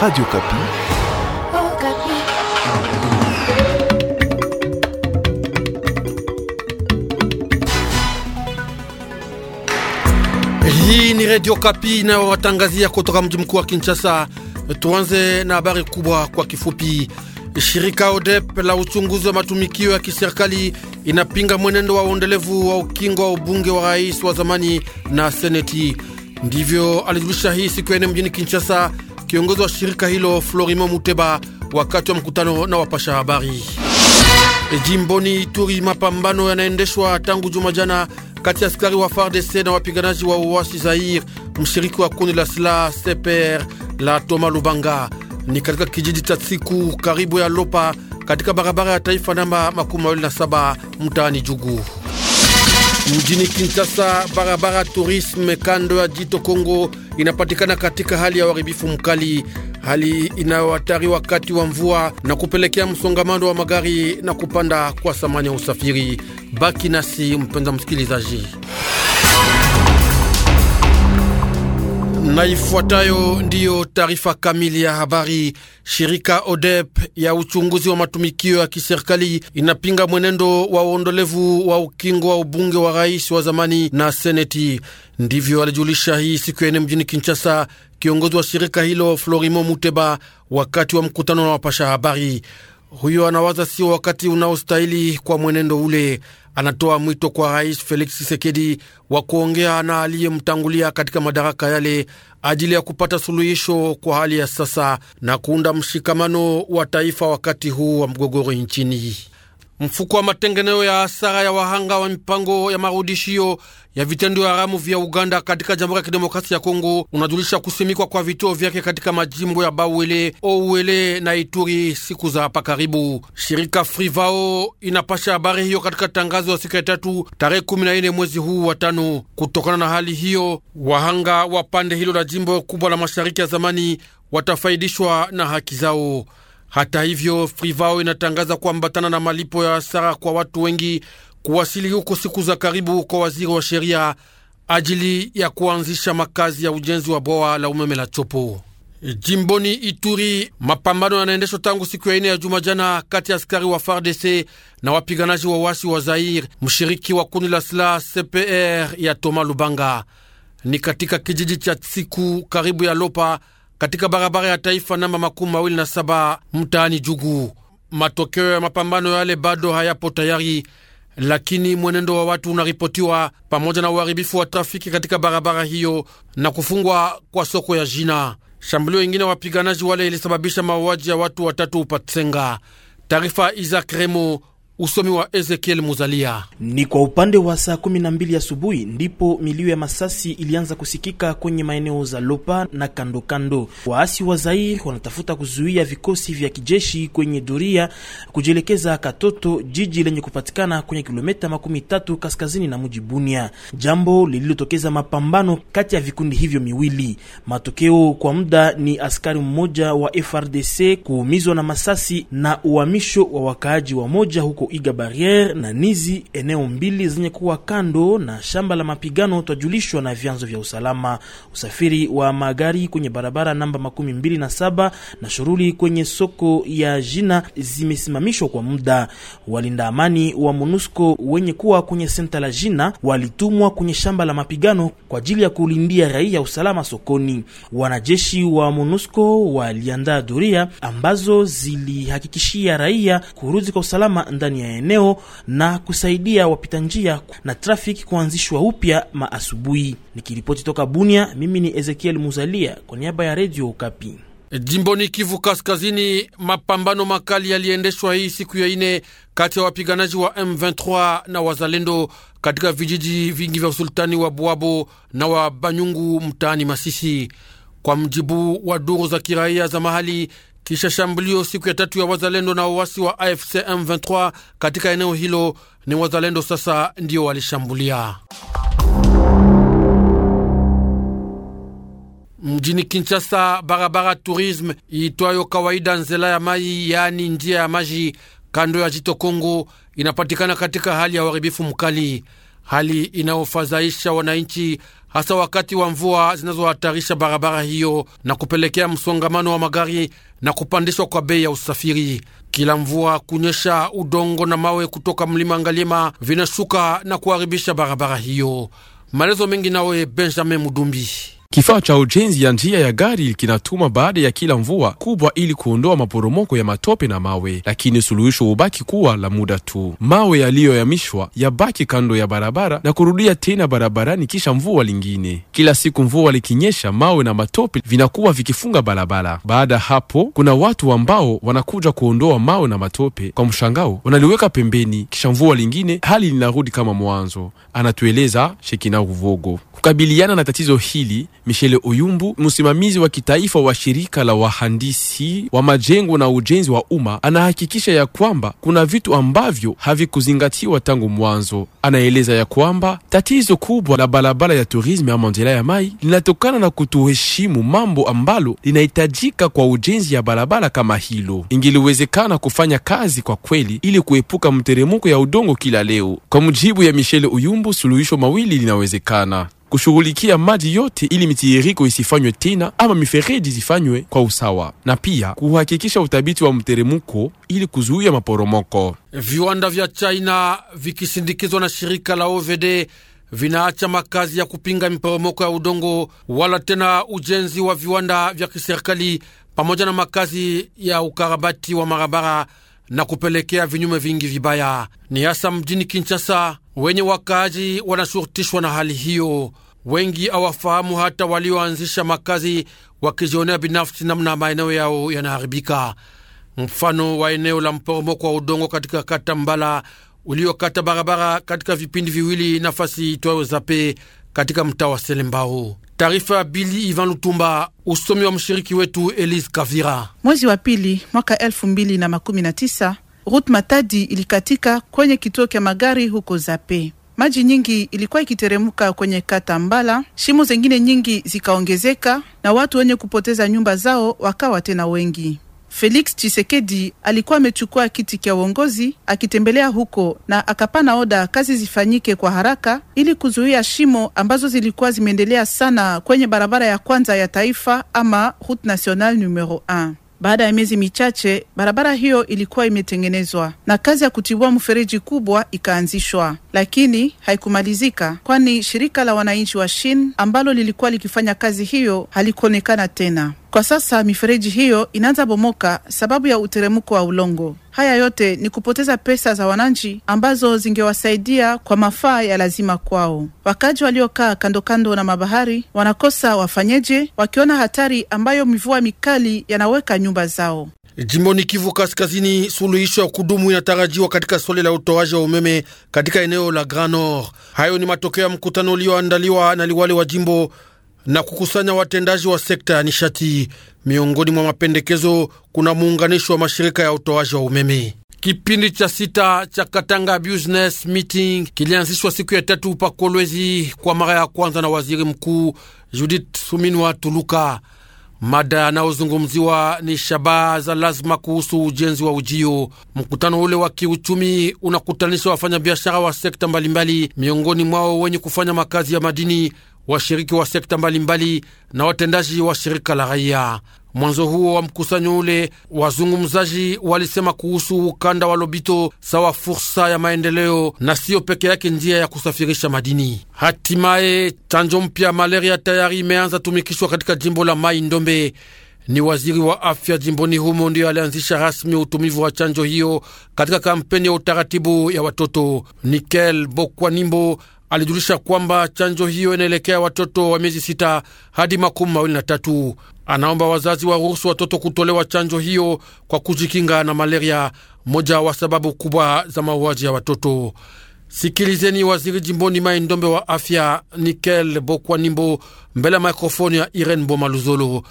Radio Kapi. Oh, Kapi. Hii ni Radio Kapi inayowatangazia kutoka mji mkuu wa Kinshasa. Tuanze na habari kubwa kwa kifupi. Shirika ODEP la uchunguzi wa matumikio ya kiserikali inapinga mwenendo wa uendelevu wa ukingo wa ubunge wa rais wa zamani na seneti. Ndivyo alijulisha hii siku ya nne mjini Kinshasa kiongozi wa shirika hilo Florimo Muteba wakati wa mkutano na wapasha habari. E, jimboni Ituri mapambano yanaendeshwa tangu jumajana kati ya askari wa FARDC na wapiganaji wa uasi Zair, mshiriki wa kundi la silaha seper la Toma Lubanga ni katika kijiji cha Siku karibu ya Lopa katika barabara ya taifa namba 27 mtaani Jugu. Mjini Kinshasa, barabara tourisme kando ya jito Kongo inapatikana katika hali ya uharibifu mkali, hali inayohatari wakati wa mvua na kupelekea msongamano wa magari na kupanda kwa thamani ya usafiri. Baki nasi mpenza msikilizaji. Na ifuatayo ndiyo taarifa kamili ya habari. Shirika ODEP ya uchunguzi wa matumikio ya kiserikali inapinga mwenendo wa uondolevu wa ukingo wa ubunge wa rais wa zamani na seneti. Ndivyo alijulisha hii siku ya ene mjini Kinshasa kiongozi wa shirika hilo Florimo Muteba wakati wa mkutano na wapasha habari. Huyo anawaza sio wakati unaostahili kwa mwenendo ule anatoa mwito kwa Rais Felix Tshisekedi wa kuongea na aliyemtangulia katika madaraka yale ajili ya kupata suluhisho kwa hali ya sasa na kuunda mshikamano wa taifa wakati huu wa mgogoro nchini mfuko wa matengeneo ya hasara ya wahanga wa mipango ya marudishio ya vitendo ya haramu vya Uganda katika Jamhuri ya Kidemokrasia ya Kongo unajulisha kusimikwa kwa vituo vyake katika majimbo ya Bawele, Ouwele na Ituri siku za hapa karibu. Shirika Frivao inapasha habari hiyo katika tangazo ya siku ya tatu tarehe nne mwezi huu wa tano. Kutokana na hali hiyo, wahanga wa pande hilo la jimbo kubwa la mashariki ya zamani watafaidishwa na haki zao. Hata hivyo, Frivao inatangaza kuambatana na malipo ya hasara kwa watu wengi kuwasili huko siku za karibu kwa waziri wa sheria ajili ya kuanzisha makazi ya ujenzi wa bwawa la umeme la Chopo jimboni Ituri. Mapambano yanaendeshwa tangu siku ya ine ya juma jana kati ya askari wa FARDC na wapiganaji wa wasi wa Zair, mshiriki wa kundi la silaha CPR ya Toma Lubanga, ni katika kijiji cha Tsiku karibu ya Lopa katika barabara ya taifa namba makumi mawili na saba mtaani Jugu. Matokeo ya mapambano yale bado hayapo tayari, lakini mwenendo wa watu unaripotiwa pamoja na uharibifu wa trafiki katika barabara hiyo na kufungwa kwa soko ya jina. Shambulio ingine ya wapiganaji wale ilisababisha mauaji ya watu watatu Upatsenga. Taarifa Isak Remo Usomi wa Ezekiel Muzalia. Ni kwa upande wa saa kumi na mbili asubuhi ndipo milio ya masasi ilianza kusikika kwenye maeneo za Lopa na kando kando. Waasi wa zair wanatafuta kuzuia vikosi vya kijeshi kwenye doria kujielekeza Katoto, jiji lenye kupatikana kwenye kilometa makumi tatu kaskazini na mji Bunia, jambo lililotokeza mapambano kati ya vikundi hivyo miwili. Matokeo kwa muda ni askari mmoja wa FRDC kuumizwa na masasi na uhamisho wa wakaaji wa moja huko kuiga Barriere na Nizi, eneo mbili zenye kuwa kando na shamba la mapigano, twajulishwa na vyanzo vya usalama. Usafiri wa magari kwenye barabara namba makumi mbili na saba na shughuli kwenye soko ya jina zimesimamishwa kwa muda. Walinda amani wa MONUSCO wenye kuwa kwenye senta la jina walitumwa kwenye shamba la mapigano kwa ajili ya kulindia raia usalama sokoni. Wanajeshi wa MONUSCO waliandaa doria ambazo zilihakikishia raia kurudi kwa usalama ndani ndani ya eneo na kusaidia wapita njia na trafiki kuanzishwa upya maasubuhi. Nikiripoti toka Bunia, mimi ni Ezekiel Muzalia kwa niaba ya redio Okapi. Jimboni Kivu Kaskazini, mapambano makali yaliendeshwa hii siku ya ine kati ya wapiganaji wa M23 na wazalendo katika vijiji vingi vya usultani wa Bwabo na wa Banyungu mtaani Masisi. Kwa mjibu wa duru za kiraia za mahali, kisha shambulio siku ya tatu ya wazalendo na waasi wa AFC M23 katika eneo hilo. Ni wazalendo sasa ndio walishambulia mjini Kinshasa. Barabara tourisme iitwayo kawaida nzela ya mai, yaani njia ya maji kando ya jito Kongo, inapatikana katika hali ya uharibifu mkali hali inayofadhaisha wananchi, hasa wakati wa mvua zinazohatarisha barabara hiyo na kupelekea msongamano wa magari na kupandishwa kwa bei ya usafiri. Kila mvua kunyesha, udongo na mawe kutoka mlima Ngalima vinashuka na kuharibisha barabara hiyo. Maelezo mengi nawe Benjamin Mudumbi. Kifaa cha ujenzi ya njia ya gari kinatuma baada ya kila mvua kubwa ili kuondoa maporomoko ya matope na mawe, lakini suluhisho hubaki kuwa la muda tu. Mawe yaliyoyamishwa yabaki kando ya barabara na kurudia tena barabarani kisha mvua lingine. Kila siku mvua likinyesha, mawe na matope vinakuwa vikifunga barabara. Baada hapo, kuna watu ambao wanakuja kuondoa mawe na matope, kwa mshangao wanaliweka pembeni, kisha mvua lingine, hali linarudi kama mwanzo, anatueleza Shekina Uvogo. Kukabiliana na tatizo hili Michele Oyumbu, msimamizi wa kitaifa wa shirika la wahandisi wa majengo na ujenzi wa umma, anahakikisha ya kwamba kuna vitu ambavyo havikuzingatiwa tangu mwanzo. Anaeleza ya kwamba tatizo kubwa la barabara ya turisme ama njia ya mai linatokana na kutoheshimu mambo ambalo linahitajika kwa ujenzi ya barabara kama hilo. Ingiliwezekana kufanya kazi kwa kweli ili kuepuka mteremko ya udongo kila leo. Kwa mujibu ya Michele Uyumbu, suluhisho mawili linawezekana kushughulikia maji yote ili mitiririko isifanywe tena ama mifereji zifanywe kwa usawa, na pia kuhakikisha udhibiti wa mteremko ili kuzuia maporomoko. Viwanda vya China vikisindikizwa na shirika la OVD vinaacha makazi ya kupinga miporomoko ya udongo wala tena ujenzi wa viwanda vya kiserikali pamoja na makazi ya ukarabati wa marabara na kupelekea vinyume vingi vibaya, ni hasa mjini Kinshasa wenye wakaaji wanashurutishwa na hali hiyo. Wengi hawafahamu hata walioanzisha makazi, wakijionea binafsi namna maeneo yao yanaharibika. Mfano wa eneo la mporomoko wa udongo katika kata Mbala uliokata barabara katika vipindi viwili, nafasi itwayo Zape katika mtaa wa Selembao. Taarifa ya Bili Ivan Lutumba, usomi wa mshiriki wetu Elise Kavira. Mwezi wa pili mwaka elfu mbili na makumi na tisa Rut Matadi ilikatika kwenye kituo kya magari huko Zape. Maji nyingi ilikuwa ikiteremka kwenye kata Mbala, shimo zengine nyingi zikaongezeka na watu wenye kupoteza nyumba zao wakawa tena wengi. Felix Tshisekedi alikuwa amechukua kiti cha uongozi akitembelea huko na akapana oda kazi zifanyike kwa haraka ili kuzuia shimo ambazo zilikuwa zimeendelea sana kwenye barabara ya kwanza ya taifa ama route nationale numero 1. Baada ya miezi michache barabara hiyo ilikuwa imetengenezwa na kazi ya kutibua mfereji kubwa ikaanzishwa, lakini haikumalizika, kwani shirika la wananchi wa Shin ambalo lilikuwa likifanya kazi hiyo halikuonekana tena. Kwa sasa mifereji hiyo inaanza bomoka sababu ya uteremko wa ulongo. Haya yote ni kupoteza pesa za wananchi ambazo zingewasaidia kwa mafaa ya lazima kwao. Wakaji waliokaa kandokando na mabahari wanakosa wafanyeje, wakiona hatari ambayo mivua mikali yanaweka nyumba zao. Jimboni Kivu Kaskazini, suluhisho ya kudumu inatarajiwa katika swali la utoaji wa umeme katika eneo la Grand Nord. Hayo ni matokeo ya mkutano ulioandaliwa na liwali wa jimbo na kukusanya watendaji wa sekta ya nishati. Miongoni mwa mapendekezo kuna muunganisho wa mashirika ya utoaji wa umeme. Kipindi cha sita cha Katanga Business Meeting kilianzishwa siku ya tatu pa Kolwezi kwa mara ya kwanza na waziri mkuu Judith Suminwa Tuluka. Mada yanayozungumziwa ni shabaha za lazima kuhusu ujenzi wa ujio. Mkutano ule wa kiuchumi unakutanisha wafanyabiashara wa sekta mbalimbali, miongoni mwao wenye kufanya makazi ya madini washiriki wa sekta mbalimbali na watendaji wa shirika la raia. Mwanzo huo wa mkusanyo ule, wazungumzaji walisema kuhusu ukanda wa Lobito sawa fursa ya maendeleo na siyo peke yake njia ya kusafirisha madini. Hatimaye chanjo mpya malaria tayari imeanza tumikishwa katika jimbo la Mai Ndombe. Ni waziri wa afya jimboni humo ndiyo alianzisha rasmi utumivu wa chanjo hiyo katika kampeni ya utaratibu ya watoto. Nikel Bokwanimbo alijulisha kwamba chanjo hiyo inaelekea watoto wa miezi sita hadi makumi mawili na tatu. Anaomba wazazi waruhusu watoto kutolewa chanjo hiyo kwa kujikinga na malaria, moja wa sababu kubwa za mauaji ya watoto. Sikilizeni waziri jimboni Mai Ndombe wa afya Nikel Bokwanimbo mbele ya maikrofoni ya Irene Bomaluzolo.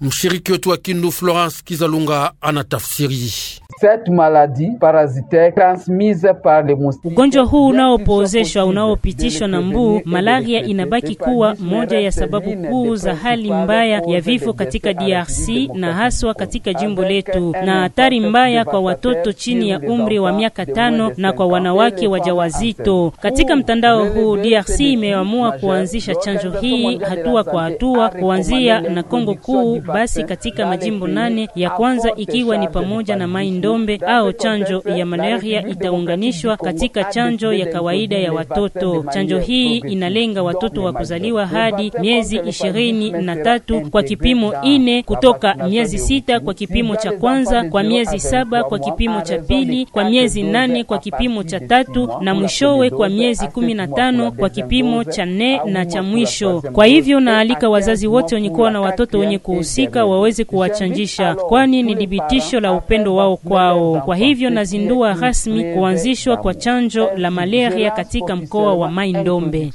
Mshiriki wetu wa Kindu Florence Kizalunga anatafsiri cette maladie parasitaire transmise par les Ugonjwa huu unaopoozeshwa unaopitishwa na mbu, malaria inabaki kuwa moja ya sababu kuu za hali mbaya ya vifo katika DRC na haswa katika jimbo letu, na hatari mbaya kwa watoto chini ya umri wa miaka tano na kwa wanawake wajawazito. Katika mtandao huu, DRC imeamua kuanzisha chanjo hii hatua kwa hatua kuanzia na Kongo Kuu, basi katika majimbo nane ya kwanza ikiwa ni pamoja na Maindo kidombe au chanjo ya malaria itaunganishwa katika chanjo ya kawaida ya watoto. Chanjo hii inalenga watoto wa kuzaliwa hadi miezi ishirini na tatu kwa kipimo ine, kutoka miezi sita kwa kipimo cha kwanza, kwa miezi saba kwa kipimo cha pili, kwa miezi nane kwa kipimo cha tatu na mwishowe kwa miezi kumi na tano kwa kipimo cha nne na cha mwisho. Kwa hivyo naalika wazazi wote wenye kuwa na watoto wenye kuhusika waweze kuwachanjisha, kwani ni dhibitisho la upendo wao kwa kwao. Kwa hivyo nazindua rasmi kuanzishwa kwa chanjo la malaria katika mkoa wa Maindombe.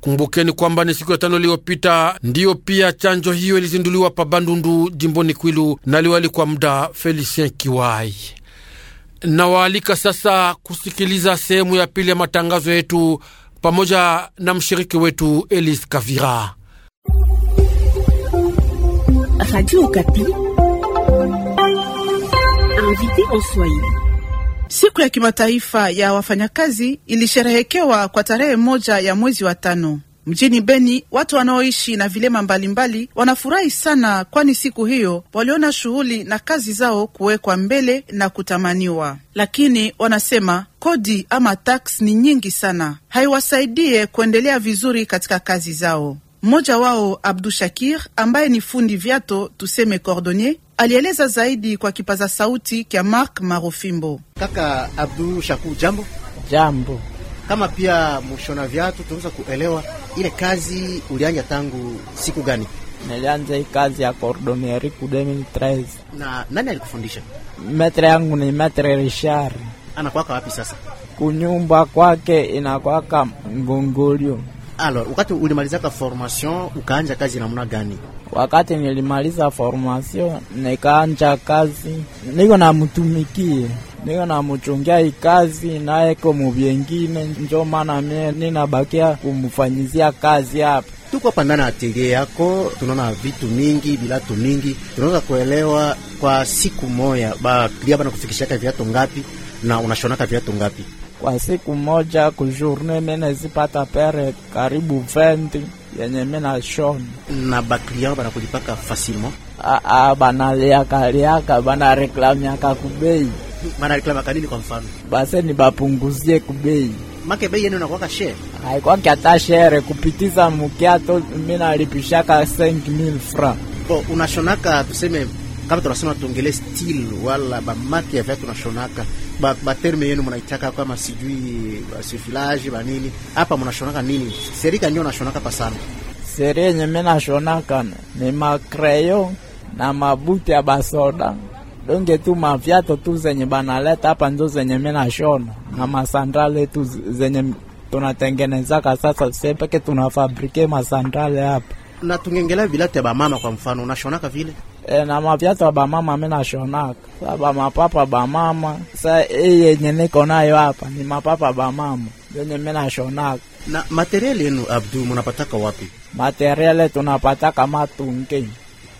Kumbukeni kwamba ni siku ya tano iliyopita ndiyo pia chanjo hiyo ilizinduliwa pa Bandundu jimboni Kwilu na kwa muda Felicien Kiwai. Nawaalika sasa kusikiliza sehemu ya pili ya matangazo yetu pamoja na mshiriki wetu Elise Kavira. Radio Okapi. Invité en Swahili. Siku ya kimataifa ya wafanyakazi ilisherehekewa kwa tarehe moja ya mwezi wa tano. Mjini Beni, watu wanaoishi na vilema mbalimbali wanafurahi sana, kwani siku hiyo waliona shughuli na kazi zao kuwekwa mbele na kutamaniwa. Lakini wanasema kodi ama tax ni nyingi sana, haiwasaidie kuendelea vizuri katika kazi zao. Mmoja wao Abdu Shakir ambaye ni fundi viato tuseme cordonnier alieleza zaidi kwa kipaza sauti kya Mark Marofimbo. Kaka Abdu Shaku, jambo jambo. Kama pia mushona viatu, tunaweza kuelewa ile kazi ulianja tangu siku gani? Nilianza hii kazi ya cordonnieri ku 2013. Na nani alikufundisha? Metre yangu ni Metre Richard. Anakwaka wapi sasa? Kunyumba kwake inakwaka Ngongolio. Alors, wakati ulimalizaka formation ukaanja kazi namna gani? Wakati nilimaliza formation nikaanja kazi, niko namutumikie, niko namuchungia ikazi nayeko muvyengine, njo maana mie ninabakia kumufanyizia kazi hapa tuko hapa ndani ya atelier yako, tunaona vitu mingi, bilatu mingi. Tunaweza kuelewa kwa siku moya ba klia bana kufikishaka viatu ngapi na unashonaka viatu ngapi? kwa siku moja kujourne minazipata pere karibu 20 yenye minashona na baklian banakulipaka facilement. Aa, ah, ah, banaliakaliaka banareklamiaka kubei, banareklamaka nini? Kwa mfano base ni bapunguzie kubei make bei yenu nakwaka shere haikwaki hata share kupitiza mukiato, minalipishaka 5000 francs. Bo unashonaka tuseme kama tunasema tuongele style wala bamaki ya viatu nashonaka baterme ba yenu munaitaka kama sijui basifilage banini, hapa munashonaka nini? Serika ndio nashonaka pa sana seri yenye mi nashonaka ni makreyo na mabuti ya basoda donge tu mavyato tu zenye banaleta hapa ndio zenye mi nashona na masandale tu zenye tunatengenezaka sasa, sepeke tunafabrike masandale hapa na tungengelea vilatu ya bamama. Kwa mfano unashonaka vile E, na ba mama bamama mi nashonaka ba mapapa ba mama sa iyi yenye niko nayo hapa ni mapapa bamama yenye mi nashonaka. Na materiali yenu Abdu, munapataka wapi? Materiali tunapataka Matunge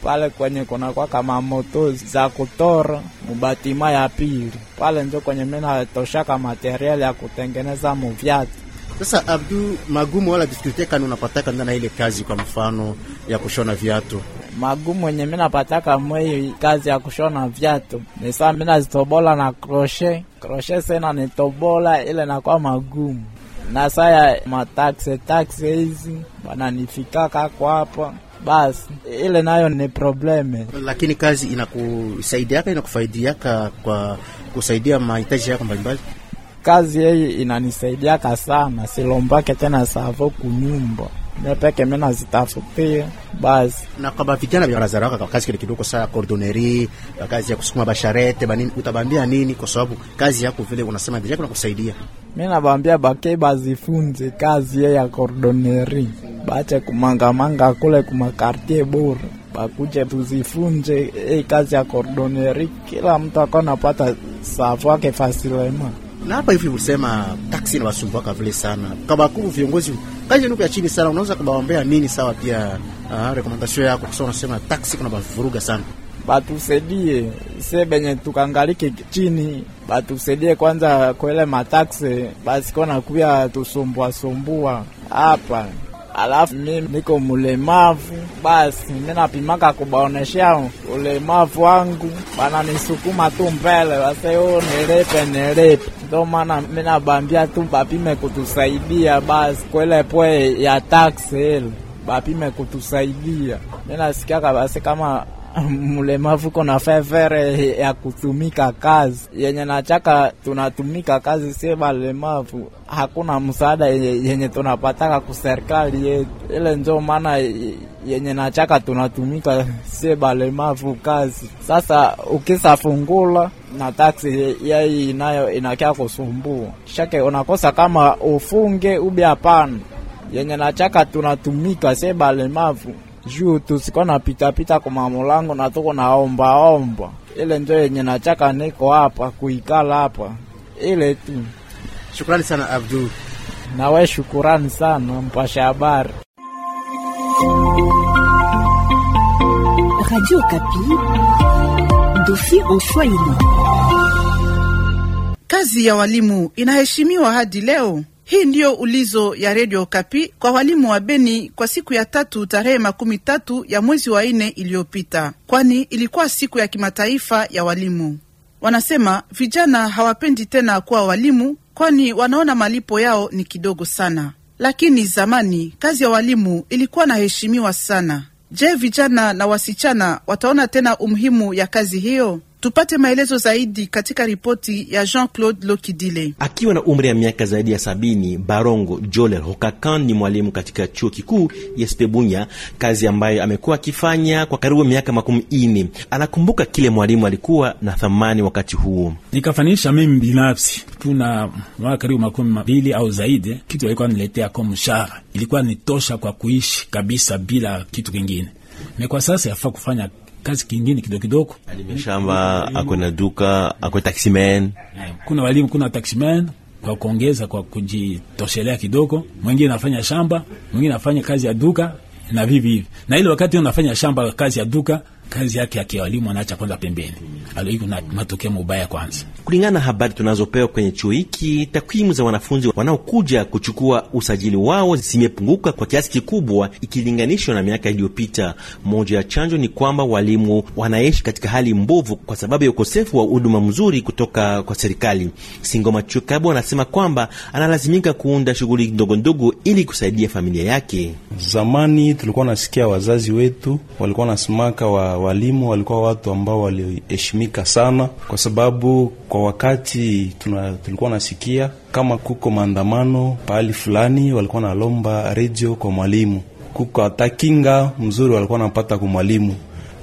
pale kwenye kuna kwa kama moto za kutora mubatima ya pili pale njo kwenye mi natoshaka materiali ya kutengeneza muvyata. Sasa Abdu, magumu wala difficulty kani unapataka ndana ile kazi, kwa mfano ya kushona viatu magumu yenye mimi napataka mwei kazi ya kushona vyatu ni saa mi nazitobola na kroshe. Kroshe sena nitobola ile nakuwa magumu, na saya matakse takse hizi wananifikaka kwa hapa basi ile nayo ni probleme, lakini kazi inakusaidiaka inakufaidiaka kwa kusaidia mahitaji yako mbalimbali. Kazi hii inanisaidiaka sana, silombake tena savo kunyumba natake mimi nazitafutia basi. Na kwa vijana vya Lazaro waka kazi kile kidogo saa cordonnerie, kazi ya kusukuma basharete banini, utabambia nini? Kwa sababu kazi yako vile unasema vijana kuna kusaidia. Mimi nabambia bake bazifunze kazi ya cordonnerie, bache kumangamanga kule kuma quartier bora bakuje tuzifunze. Hey, eh, kazi ya cordonnerie kila mtu akona pata safu yake fasilema na hapa hivi ulisema taksi inawasumbuaka vile sana kabakuu viongozi kazi nuku ya chini sana, unaweza kubaombea nini? Sawa, pia uh, ah, rekomendasio yako kwa sababu unasema taksi kuna bavuruga sana. Batusaidie se benye tukangalike chini, batusaidie kwanza kwele mataksi basi kona kuya tusumbua sumbua hapa alafu mimi niko mlemavu, basi mimi napimaka kubaoneshea ulemavu wangu, bananisukuma tu mbele, waseo oh, nilipe nilipe. Ndo maana mimi tu bapime kutusaidia basi, kwele pwe ya taksi ile bapime kutusaidia. Mimi nasikiaka basi kama mlemavu na fevere ya kutumika kazi yenye nachaka, tunatumika kazi sie balemavu, hakuna msaada yenye tunapataka kuserikali yetu. Ile njo maana yenye nachaka tunatumika sie balemavu kazi. Sasa ukisafungula na taksi yai nayo inakia kusumbua shake, unakosa kama ufunge ubi hapana. Yenye nachaka tunatumika sie balemavu juu tu siko pita kwa mamulango na tuko naombaomba, ile ndio yenye nachaka niko hapa kuikala hapa ile tu. Shukrani sana Abdul. Nawe shukurani sana mpasha habari Radio Kapi. dofi en Swahili. Kazi ya walimu inaheshimiwa hadi leo hii ndiyo ulizo ya redio Kapi kwa walimu wa Beni kwa siku ya tatu tarehe makumi tatu ya mwezi wa nne iliyopita, kwani ilikuwa siku ya kimataifa ya walimu. Wanasema vijana hawapendi tena kuwa walimu, kwani wanaona malipo yao ni kidogo sana, lakini zamani kazi ya walimu ilikuwa naheshimiwa sana. Je, vijana na wasichana wataona tena umuhimu ya kazi hiyo? Tupate maelezo zaidi katika ripoti ya Jean-Claude Lokidile. Akiwa na umri ya miaka zaidi ya sabini, Barongo Joler Hokakan ni mwalimu katika chuo kikuu ya Stebunya, kazi ambayo amekuwa akifanya kwa karibu miaka makumi ine. Anakumbuka kile mwalimu alikuwa na thamani wakati huo. Nikafanisha mimi binafsi, tuna mwaka karibu makumi mabili au zaidi, kitu alikuwa niletea kwa mshahara ilikuwa ni tosha kwa kuishi kabisa bila kitu kingine, na kwa sasa yafaa kufanya kazi kingine kidogo kidogo, alime shamba, ako na duka, ako taximan, eh, kuna walimu, kuna taximen kwa kuongeza, kwa kujitoshelea kidogo. Mwingine anafanya shamba, mwingine anafanya kazi ya duka na vivi hivi, na ile wakati unafanya shamba, kazi ya duka kazi yake ya kiwalimu anaacha kwanza pembeni. Hivyo na matokeo mabaya kwanza. Kulingana na habari tunazopewa kwenye chuo hiki, takwimu za wanafunzi wanaokuja kuchukua usajili wao zimepunguka kwa kiasi kikubwa ikilinganishwa na miaka iliyopita. Moja ya chanjo ni kwamba walimu wanaishi katika hali mbovu kwa sababu ya ukosefu wa huduma mzuri kutoka kwa serikali. Singoma Chukabu anasema kwamba analazimika kuunda shughuli ndogo ndogo ili kusaidia familia yake. Zamani tulikuwa nasikia wazazi wetu walikuwa nasimaka wa walimu walikuwa watu ambao waliheshimika sana, kwa sababu kwa wakati tuna, tulikuwa nasikia kama kuko maandamano pahali fulani, walikuwa nalomba redio kwa mwalimu, kuko hata kinga mzuri walikuwa napata kwa mwalimu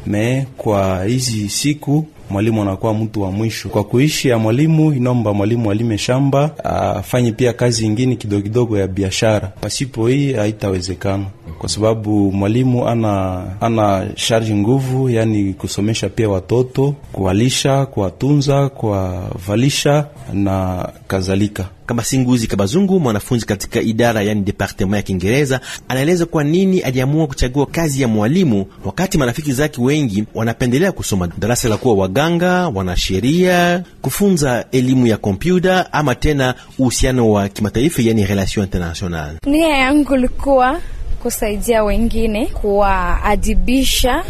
me kwa hizi siku mwalimu anakuwa mtu wa mwisho kwa kuishi ya mwalimu. Inaomba mwalimu alime shamba, afanye pia kazi ingine kidogo kidogo ya biashara. Pasipo hii haitawezekana, kwa sababu mwalimu ana ana sharji nguvu, yani kusomesha pia watoto, kuwalisha, kuwatunza, kuwavalisha na kadhalika. Singuzi Kabazungu, mwanafunzi katika idara yani departema ya Kiingereza, anaeleza kwa nini aliamua kuchagua kazi ya mwalimu wakati marafiki zake wengi wanapendelea kusoma darasa la kuwa waganga, wanasheria, kufunza elimu ya kompyuta ama tena uhusiano wa kimataifa yani relation internationale. Nia yangu ilikuwa kusaidia wengine, kuwaadibisha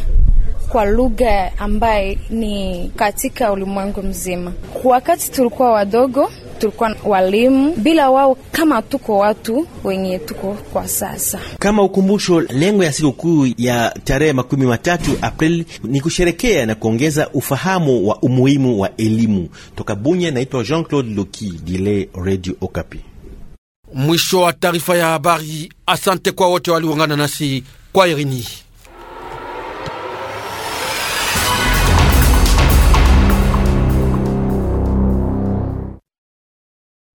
kwa lugha ambaye ni katika ulimwengu mzima. Wakati tulikuwa wadogo tulikuwa walimu, bila wao kama tuko watu wenye tuko kwa sasa. Kama ukumbusho, lengo ya sikukuu ya tarehe makumi matatu Aprili ni kusherekea na kuongeza ufahamu wa umuhimu wa elimu. Toka Bunya, naitwa Jean Claude Loki Dile, Radio Okapi. Mwisho wa taarifa ya habari. Asante kwa wote waliungana nasi kwa Irini.